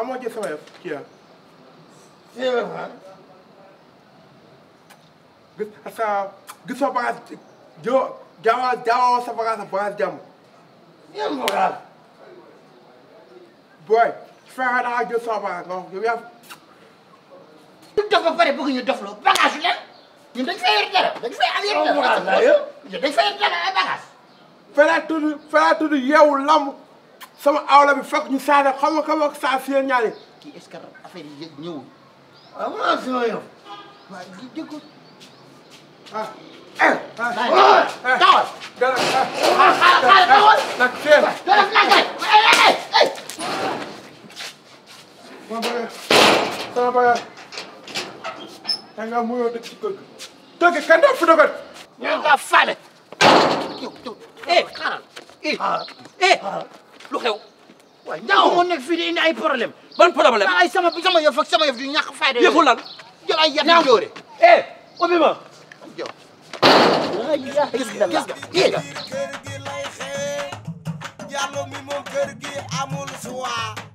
Kamoje CMF here. CMF, huh? Asa, gis sa bagage jo jawa sa bagage bagage jam. Yam bagage. Boy, fexe naa jël sa bagage non yow yaa. ñu dof ba pare bëgg ñu dof loo bagage yu leen ñun dañ fay yor dara dañ fay am yor dara. dañ fay yor dara ay bagage. fela tudd fela tudd yeewu sama awla bi fekk ñu saada xaw ma ko wax saa si yéen ñaari. kii est-ce que affaire yi yëg ñëwul. waaw ah, mun naa si noo yow. waaw di dégg. ah. Eh, eh. ah taxawal. Eh, dara ah xaaral taxawal. nag seen. dara nag ay ay ay. sama bagage sama bagage. da ngaa muyoo dëkk ci kër gi. dëgg kan dafa dogal. ñoo ngi ko faale. yow yow xaaral. eh ah. eh. Ah. lu xew. waaw ñaaw moo nekk fii di indi ay problème ban problème ay sama sama yëf ak sama yëf du ñàkk fayda. yëfu lan jël ay yàq yu jóore. eh ubbi ma. yow. gis nga gis nga. yàlla mi moom kër gi amul suwa.